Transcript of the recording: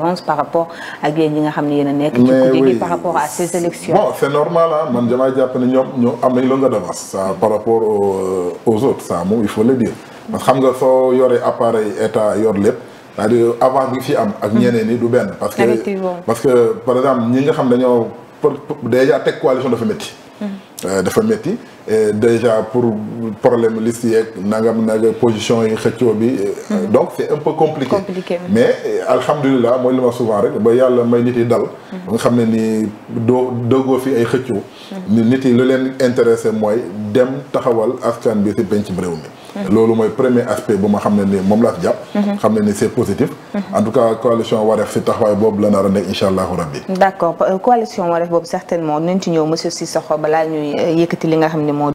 avance par rapport ak yéen ñi nga xam ne yéen a nekk. ci kudé par rapport à ces élections. bon c'est normal ah man damay jàpp ne ñoom ñoom am nañ longueur d'avance ça par rapport euh, aux autres ça moom il faut le dire. parce que xam nga soo yoree appareil état yor lépp cest avant dire avance fi am. ak ñeneen ñi du benn. parce que parce que par exemple ñi nga xam dañoo pour déjà teg coalition dafa metti Euh, dafa métti euh, déjà pour problème liste yeeg nangam nag position yi xëccoo bi. Euh, mhm. donc c'est un peu compliqué. mais alhamdulilah mooy li ma souvent rek ba yàlla may nit yi dal. ba mhm. nga xam ne nii doo dëggoo fi ay xëccoo. Mhm. nit yi lu leen intéressé mooy dem taxawal askan bi ci penc réew mi. loolu mooy premier aspect bu ma xam ne ni moom laa si jàpp xam ne ni c'est positif en tout cas coalition Wareef si taxawaay boobu la nar a nekk allahu rabbi d'accord euh, coalition Wareef boobu certainement nuñ ci ñëw monsieur Cissokho balaa ñuy euh, yëkkati li nga xam ne moo